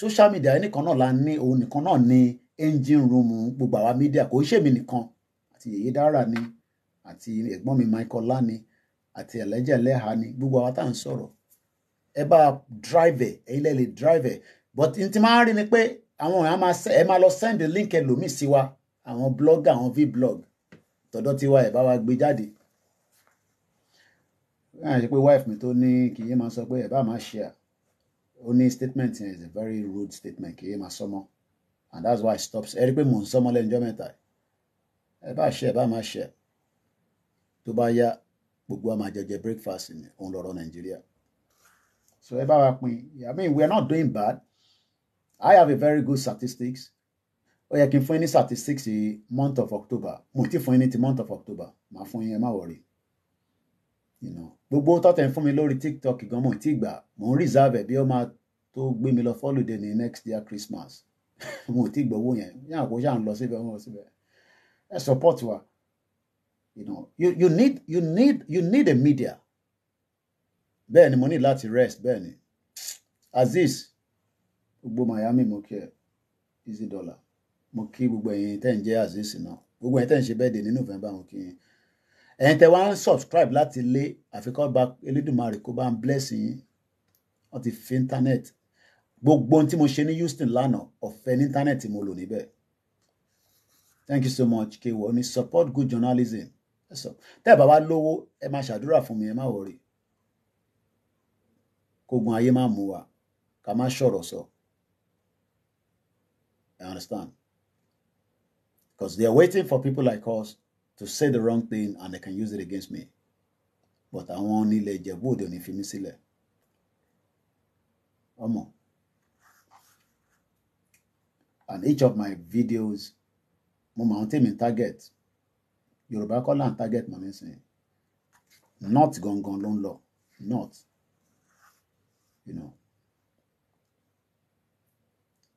social media ẹni kan náà la ní òun nìkan náà ní engine room gbogbo àwa media kò ń ṣèmi nìkan àti yèyé dára ni àti ẹ̀gbọ́n mi Michael lani àti ẹlẹ́jẹ̀ lẹ́hà ni gbogbo àwa tá à ń sọ̀rọ̀ ẹ bá drive ẹ ẹ̀yin lẹ drive but n ti máa ń rí ni pé àwọn èèyàn máa ẹ máa lọ send link ẹlòmíì sí wa àwọn blogger àwọn vblog tọ̀dọ̀ tiwa ẹ bá wa gbé jáde náà ṣe pé wife mi tó ní kì í máa sọ pé ẹ bá máa share ó ní statement yẹn is a very rude statement kì í máa sọmọ and that's why i stop ẹ rí i pé mò ń sọmọ lẹ́nu ọjọ́ mẹ́ta ẹ bá share ẹ bá máa share tó bá yá gbogbo àmàjẹjẹ breakfast ni òun lọ́rọ̀ nàìjíríà. So ẹ bá wa pín. I mean we are not doing bad. I have a very good statistics. Ó yẹ kí n fún yín ní statistics yìí month of October. Mo ti fún yín ní ti month of October. Màá fún yín ẹ má wọrí. Gbogbo tọ́tẹ̀ ń fún mi lórí TikTok gan mo ti gbà. Mò ń reserve ẹ̀ bí ó máa tó gbé mi lọ fọ́lùdé ní next year Christmas. Mo ti gbowó yẹn. Yàrá kò ṣáà ń lọ síbẹ̀ wọ́n lọ síbẹ̀. Ẹ support wa. You know, you, you need you need you need a media bẹ́ẹ̀ ni mo ní láti rest bẹ́ẹ̀ ni Azeez gbogbo Miami mo kí ẹ easy dollar mo kí gbogbo ẹ̀yin tẹ́ ń jẹ́ Azeez náà gbogbo ẹ̀yin tẹ́ ń ṣe bẹ́ẹ̀ dé ní November mo kí yín ẹ̀yin tẹ́ wá ń subscribe láti lé àfikọ́ bá Elédùmarè kó bá ń bless yín wọ́n ti fi internet gbogbo ohun tí mo ṣe ní Houston lánàá ọ̀fẹ́ ní internet mo lò níbẹ̀ thank you so much kewo ni support good journalism tẹ́ ẹ̀ bá wá lówó ẹ máa ṣàdúrà fún mi ẹ má wọrí kógun ayé má mú wa ká má sọ̀rọ̀ sọ I understand because they are waiting for people like us to say the wrong thing and they can use it against me but àwọn onílẹ̀ Ìjẹ̀bú Òde ò ní fi mí sílẹ̀ ọmọ and each of my videos mo mọ àwọn tèmi target Yorùbá kọ́ là ń target mọ̀ nísìnyí north gangan ló ń lọ north you know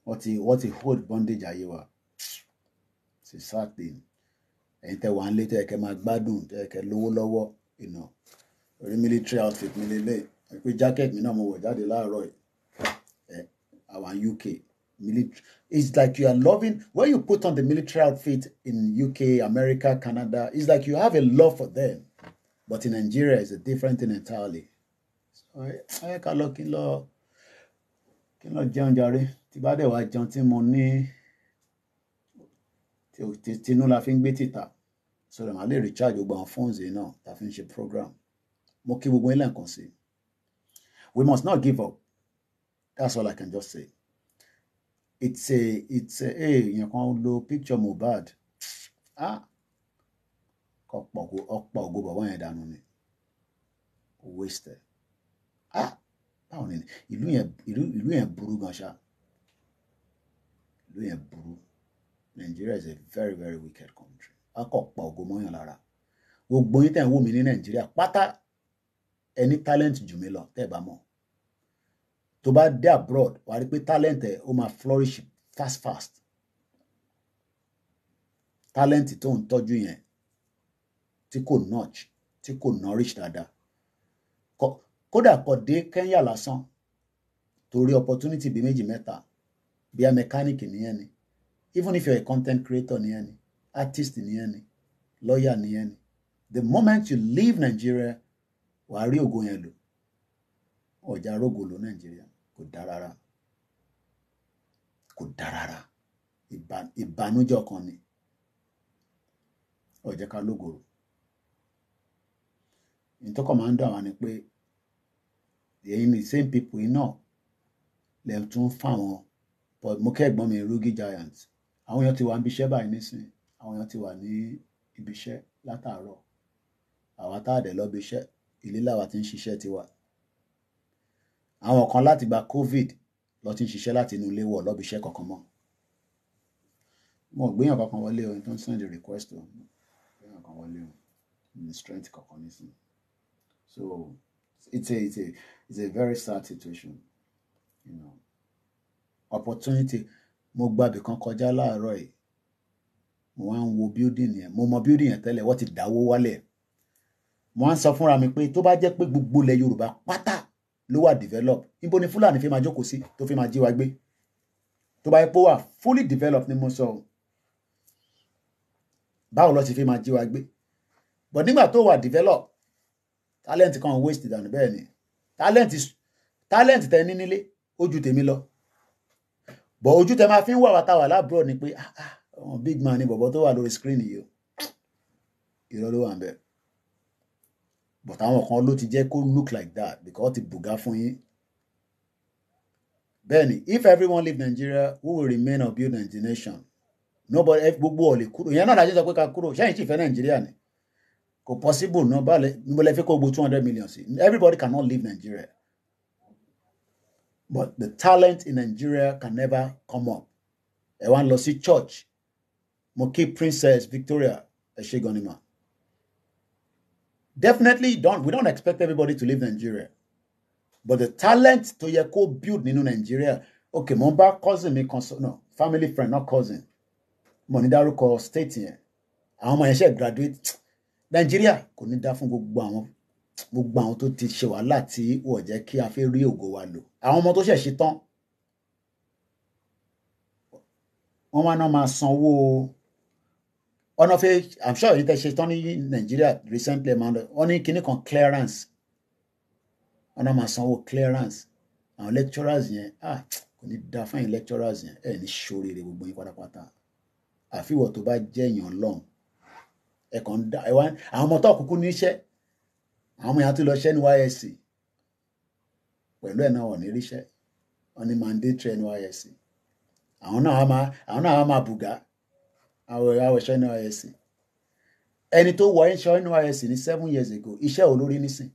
what a what a hold bondage ayé wa it's a sad thing ẹ̀yin tẹ́ wà ń lé tẹ́ kẹ́ máa gbádùn tẹ́ kẹ́ lówó lọ́wọ́ you know orí military outfit mi lélẹ̀ pé jacket mi náà mo wọ̀ jáde láàárọ̀ ẹ̀ our UK military it's like you are loving when you put on the military outfit in UK, America, Canada, it's like you have a love for them. But in Nigeria, it's a different thing entirely ẹ ká lọ kí n lọ kí n lọ jẹun jàre tí bá dẹ̀ wá jẹun tí mo ní tinú la fi ń gbé títà sọ̀rọ̀ màá lè recharge gbogbo àwọn fóònù yìí náà tá a fi ń ṣe program mo kí gbogbo ilé nǹkan sí we must not give up that's all I can just say it's a it's a hey èèyàn kan lo picture Mohbad ah ọ̀pọ̀ ògo bàbá yẹn dànù ni wasted ah báwo ni ìlú yẹn ìlú ìlú yẹn burú gan ṣá ìlú yẹn burú Nigeria is a very very wicked country a kò pa ògo mọ́yàn lára gbogbo yín tẹ̀ ń wò mí ní Nàìjíríà pátá ẹni talent jù mí lọ tẹ́ ẹ bá mọ̀ tó bá dé abroad wàá rí pé talent ẹ ó máa flourish fast fast talent tó ń tọ́jú yẹn tí kò notch tí kò nourish dáadáa kódà kò dé Kenya lásán torí opportunity bíi méjì mẹ́ta bíi mechanic nìyẹn ni even if you are a content creator nìyẹn ni artist nìyẹn ni lawyer nìyẹn ni the moment you leave Nigeria wàá rí ògo yẹn lò ọjà rógo lò Nàìjíríà kò dáa rárá kò dáa rárá ìbànújẹ́ ọkàn ni ọjà ká lógo rò máa ń dùn àwa ni pé èyí ni same people yìí náà lè tún fáwọn but mo kẹ́gbọ́n mi rugi giant àwọn èèyàn ti wà níbi iṣẹ́ báyìí nísìnyí àwọn èèyàn ti wà ní ibi iṣẹ́ látàárọ̀ àwa tá a dẹ̀ lọ́bi iṣẹ́ ilé làwa ti ń ṣiṣẹ́ tiwa àwọn kan láti gba covid lọ ti ń ṣiṣẹ́ láti inú ilé wọ̀ lọ́bi iṣẹ́ kankan mọ́ wọn ò gbéyàn kankan wọlé o tó ń send request o gbéyàn kankan wọlé o ní strength kankan nísìnyí so it's a it's a it's a very sad situation you know opportunity mo gba ibì kan kọjá láàárọ̀ yìí mo wá ń wo building yẹn mo mọ building yẹn tẹ́lẹ̀ wọ́n ti dáwó wálẹ̀ mo wá ń sọ fúnra mi pé tó bá jẹ́ pé gbogbo ilẹ̀ Yorùbá pátá ló wà develop níbo ni Fúlàní fi máa jókòó sí tó fi máa jí wa gbé tó bá yẹ pé ó wà fully developed ni mo sọ o báwo ló ti fi máa jí wa gbé but nígbà tó wà develop talent kan waste dànù bẹ́ẹ̀ ni talent talent tẹ ní nílé ojú tèmi lọ bọ̀ ojú tẹ máa fi ń wà wàtà wà láàbúrò ni pé ah, ah big man ni bọ̀bọ̀ tó wà lórí screen yìí o irọ́ ló wà ń bẹ̀ but àwọn kan ló ti jẹ́ kó look like that because ti bùgá fún yín bẹ́ẹ̀ ni if everyone leave Nigeria we will remain or build Nigerian nation nobody gbogbo ọ̀ lè kúrò ìyẹn náà dájú sọ pé ká kúrò ṣẹ́yìn sì fẹ́ Nàìjíríà ni kò possible náà báwo mo lè fi kó gbó two hundred million sí everybody cannot leave Nigeria but the talent in Nigeria can never come up ẹ wá ń lọ sí church mo kí Princess Victoria ẹ ṣe gan ni ma definitely don't we don't expect everybody to leave Nigeria but the talent tó yẹ kó build nínú Nigeria okay mo ń bá cousin mi kan no family friend not cousin mo ní dárúkọ state yẹn àwọn ọmọ yẹn ṣe graduate nàìjíríà kò ní dá fún gbogbo àwọn gbogbo àwọn tó ti ṣe wàhálà tí wọ́n jẹ́ kí a fẹ́ rí ògo wa lò àwọn ọmọ tó ṣẹ̀ ṣe tán wọ́n máa ná máa sanwó ọ̀nà fẹ́ i'm sure èyí tẹ́ ṣe tán ní nàìjíríà recently máa ń lọ wọ́n ní kinní kan clearance wọ́n náà máa sanwó clearance àwọn lecturers yẹn ah kò ní dá fún yín lecturers yẹn ẹ̀ ní ṣoríire gbogbo yín pátápátá àfihàn tó bá jẹ́ èèyàn lọ́hùn ẹ̀kọ́ ń dá ẹ̀wá àwọn ọmọ tó kúkú níṣẹ́ àwọn ọmọ yẹn ti lọ ṣẹ́ ní YSC pẹ̀lú ẹ̀ náà wọ̀ ní ríṣẹ́ wọ́n ní mandatory ní YSC àwọn náà á máa àwọn náà á máa bùgá àwọn ẹ̀ṣẹ́ ní YSC ẹni tó wọ ẹ̀ṣẹ́ ní YSC ní seven years ago iṣẹ́ olórí nísìn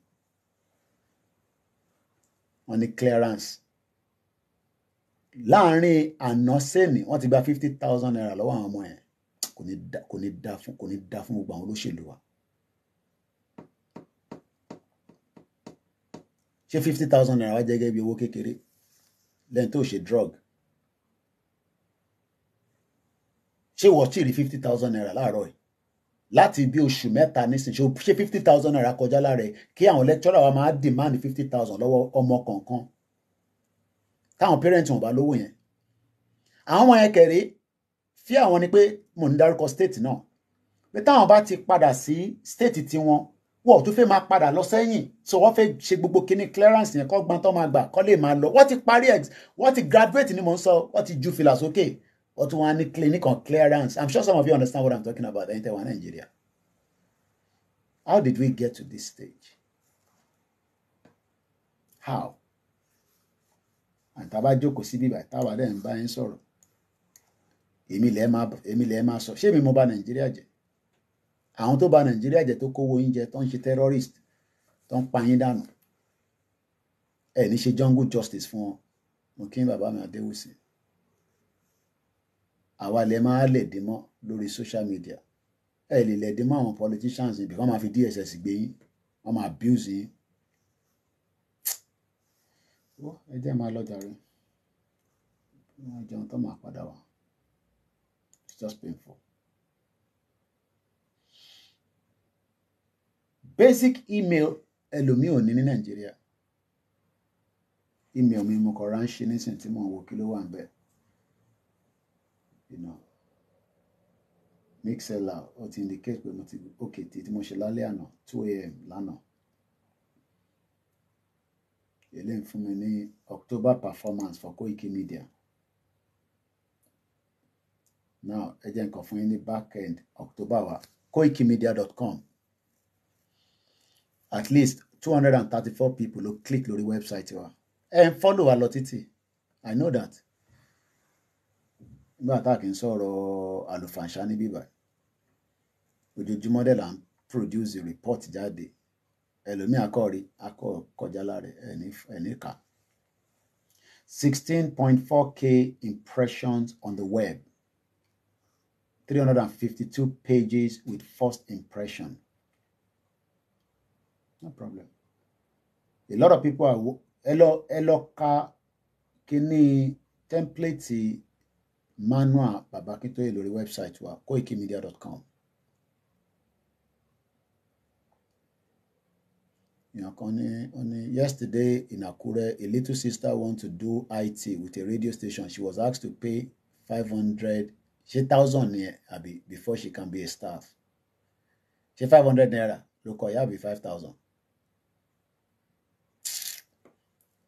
wọ́n ní clearance láàárín àná sẹ́ni wọ́n ti gba fifty thousand naira lọ́wọ́ àwọn ọmọ yẹn kò ní da kò ní da fún kò ní da fún gbogbo àwọn olóṣèlú wa. ṣé fifty thousand naira wá jẹ́ gẹ́gẹ́ bí owó kékeré lẹ́yìn tó ṣe drug ṣé wọ́n ti rí fifty thousand naira láàárọ̀ yìí láti bí oṣù mẹ́ta nísinsìnyí ṣe fifty thousand naira kọjá lára ẹ̀ kí àwọn lecturer wa máa demand fifty thousand lọ́wọ́ ọmọ kọ̀ọ̀kan táwọn parents wọn bá lówó yẹn àwọn ọmọ yẹn kẹrìí fí àwọn ni pé mò ń dárúkọ state náà pé táwọn bá ti padà sí state tiwọn wọ́n ò tún fẹ́ máa padà lọ sẹ́yìn so wọ́n fẹ́ ṣe gbogbo kíní clearance yẹn kọ́ gbọ́n tó máa gbà kọ́ lè máa lọ wọ́n ti parí ex wọ́n ti graduate ni mò ń sọ wọ́n ti ju fìlà sókè wọ́n tún wá ní clinic on clearance i'm sure some of you understand what i'm talking about ẹ̀yin tẹ́ wà nàìjíríà how did we get to this stage how àtàbájókòó síbí bàtà wà dẹ́n bá yín sọ̀rọ̀ èmi lẹ́ẹ̀ máa èmi lẹ́ẹ̀ máa sọ ṣé èmi mo bà nàìjíríà jẹ́ àwọn tó bà nàìjíríà jẹ́ tó kówó oúnjẹ tó ń ṣe terrorist tó ń pa yín dànù ẹ ní ṣe jungle justice fún wọn mo kí bàbá mi adéwùsì àwa lè máa lè dín mọ́ lórí social media ẹ lè lè dín mọ́ àwọn politicians yìí bí wọ́n máa fi DSS gbé yín wọ́n máa abuse yín ẹ jẹ́ máa lọ jàre wọ́n jẹun tó máa padà wá just painful. Basic email ẹlòmíì ò ní ní Nàìjíríà. Email mi mo kọ̀ ránṣẹ́ nísìnyí tí mo ń wo kí ló wà ń bẹ̀. You know mixeller ó ti indicate pé mo ti òkè tí tí mo ṣe lálẹ́ àná two a.m. lánàá eléyìí fún mi ní October performance for Koiki Media now ẹ jẹ́ nǹkan fún yín ní back end october wa koikimedia.com at least two hundred and thirty-four people ló click lórí website wa ẹ ń follow wa lọ títì i know that nígbà tá a kì í sọ̀rọ̀ àlùfànṣá ní bíbá ojoojúmọ́ dẹ̀ là ń produce report jáde ẹlòmíì akọ́rí akọ́ kọjá lára ẹni sixteen point four k impressions on the web 352 pages with first impression. No problem. A lot of people are ẹ lọ ẹ lọ ka kíní tẹ́ḿpìlẹ̀tì manual Baba Akintoye lórí wẹ́bsáìtì wa koikimedia.com. èèyàn kan ní ó ní yesterday in Akure a little sister want to do IT with a radio station she was asked to pay five hundred ṣé thousand ni ẹ àbí before she can be a staff ṣé five hundred naira ló kọ ìyá five thousand.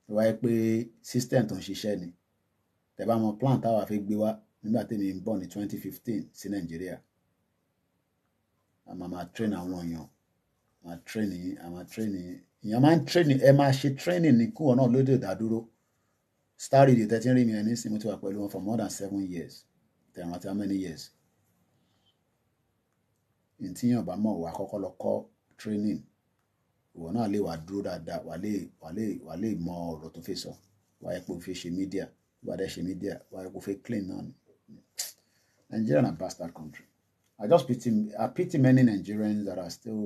ló wáyé pé system tó ń ṣiṣẹ́ ni tẹ̀bá mọ plan táwa fi gbé wá nígbà tí mi ń bọ̀ ní twenty fifteen sí nàìjíríà a máa máa train àwọn èèyàn máa train yín a máa train yín èèyàn máa ń train ẹ máa ṣe training ní kúwọ̀n náà lóde ìdádúró star radio thirteen rí mi ẹ nísìnyí mo ti wà pẹ̀lú wọn for more than seven years tẹ̀wọ̀n àti how many years ntíyàn bá mọ̀ wà kọ́kọ́ lọ kọ́ training ìwọ náà lè wà dúró dáadáa wà lè wà lè wà lè mọ ọ̀rọ̀ tó fẹ́ sọ wà yẹ kó fi ṣe media wà dẹ́ ṣe media wà yẹ kó fẹ́ clean náà ni Nigeria na bastard country I just pity I pity many Nigerians that are still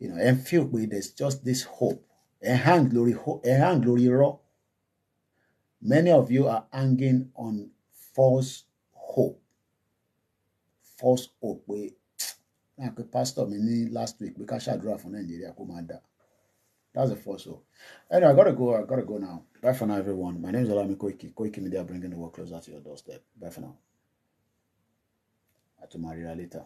you know and feel pe there's just this hope A hand lórí a hand hang lórí many of you are hanging on false hope false hope pé náà pé pastor mi ní last week pé ká ṣàdúrà fún nàìjíríà kó máa dà that's the first hope anyway i gotta go i gotta go now bye for now everyone my name is Olami Koiki Koiki Media bringing the world closer to your doorstep bye for now àtúmọ̀ àríra later.